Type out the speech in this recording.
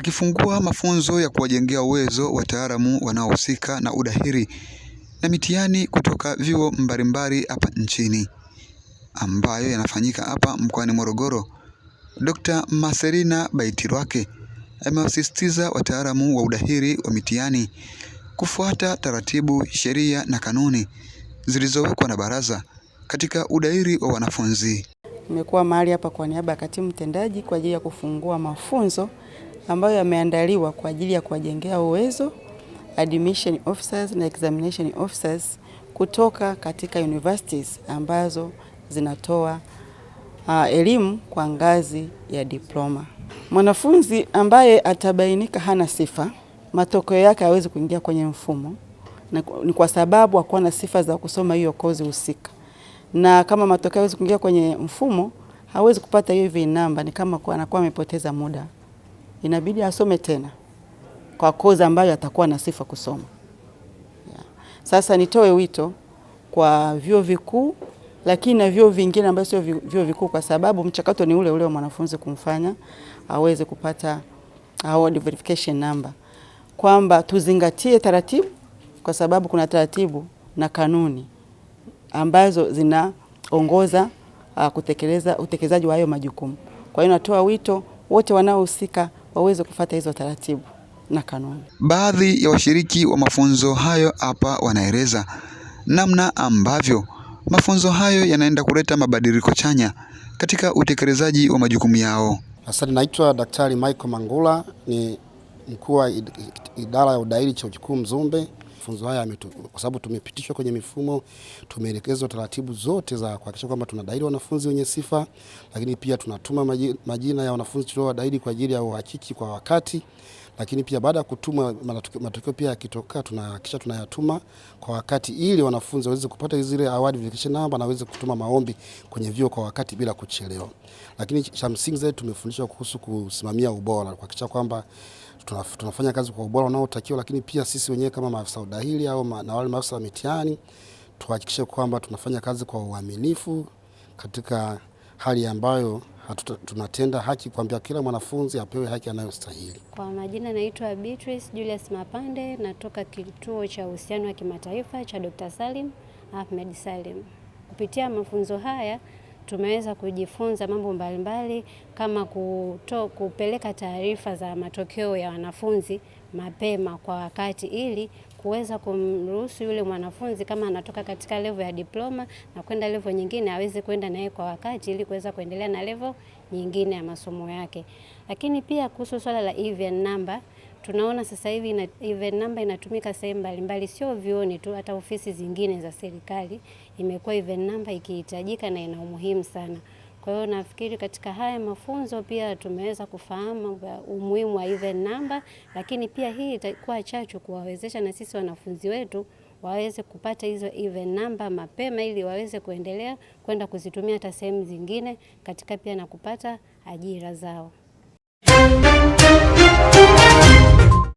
akifungua mafunzo ya kuwajengea uwezo wataalamu wanaohusika na udahiri na mitihani kutoka vyuo mbalimbali hapa nchini ambayo yanafanyika hapa mkoani Morogoro. Dkt. Marcelina baitirwake amewasisitiza wataalamu wa udahiri wa mitihani kufuata taratibu, sheria na kanuni zilizowekwa na Baraza katika udahiri wa wanafunzi. Nimekuwa mahali hapa kwa niaba ya katibu mtendaji kwa ajili ya kufungua mafunzo ambayo yameandaliwa kwa ajili ya kuwajengea uwezo admission officers na examination officers kutoka katika universities ambazo zinatoa uh, elimu kwa ngazi ya diploma. Mwanafunzi ambaye atabainika hana sifa, matokeo yake hawezi kuingia kwenye mfumo, na ni kwa sababu hakuwa na sifa za kusoma hiyo kozi husika, na kama matokeo hawezi kuingia kwenye mfumo, hawezi kupata hiyo VET ni kama anakuwa amepoteza muda inabidi asome tena kwa kozi ambayo atakuwa na sifa kusoma. Yeah. Sasa nitoe wito kwa vyuo vikuu lakini na vyuo vingine ambavyo sio vyuo vikuu, kwa sababu mchakato ni ule ule wa mwanafunzi kumfanya aweze kupata award verification number, kwamba tuzingatie taratibu, kwa sababu kuna taratibu na kanuni ambazo zinaongoza uh, kutekeleza utekelezaji wa hayo majukumu. Kwa hiyo natoa wito wote wanaohusika waweze kufata hizo taratibu na kanuni. Baadhi ya washiriki wa mafunzo hayo hapa wanaeleza namna ambavyo mafunzo hayo yanaenda kuleta mabadiliko chanya katika utekelezaji wa majukumu yao. Asante, naitwa Daktari Michael Mangula, ni mkuu wa idara ya udahili cha kikuu Mzumbe. Mafunzo haya kwa sababu tumepitishwa kwenye mifumo, tumeelekezwa taratibu zote za kuhakikisha kwamba tunadaili wanafunzi wenye sifa, lakini pia tunatuma majina ya wanafunzi tuliowadaili kwa ajili ya uhakiki kwa wakati, lakini pia baada ya kutuma matokeo pia yakitoka, tunahakikisha tunayatuma kwa wakati ili wanafunzi waweze kupata zile award verification namba na waweze kutuma maombi kwenye vyuo kwa wakati bila kuchelewa. Lakini cha msingi zaidi tumefundishwa kuhusu kusimamia ubora kuhakikisha kwamba tunafanya kazi kwa ubora unaotakiwa, lakini pia sisi wenyewe kama maafisa udahili au ma, na wale maafisa wa mitihani tuhakikishe kwamba tunafanya kazi kwa uaminifu katika hali ambayo hatuta, tunatenda haki kuambia kila mwanafunzi apewe haki anayostahili. Kwa majina naitwa Beatrice Julius Mapande, natoka kituo cha uhusiano wa kimataifa cha Dr. Salim Ahmed Salim. Kupitia mafunzo haya tumeweza kujifunza mambo mbalimbali kama kuto, kupeleka taarifa za matokeo ya wanafunzi mapema kwa wakati ili kuweza kumruhusu yule mwanafunzi kama anatoka katika levo ya diploma na kwenda levo nyingine aweze kwenda naye kwa wakati ili kuweza kuendelea na levo nyingine ya masomo yake. Lakini pia kuhusu swala la even number tunaona sasa hivi ina, even namba inatumika sehemu mbalimbali, sio vioni tu, hata ofisi zingine za serikali imekuwa even namba ikihitajika na ina umuhimu sana. Kwa hiyo nafikiri katika haya mafunzo pia tumeweza kufahamu umuhimu wa even namba, lakini pia hii itakuwa chachu kuwawezesha na sisi wanafunzi wetu waweze kupata hizo even number mapema ili waweze kuendelea kwenda kuzitumia hata sehemu zingine katika pia na kupata ajira zao.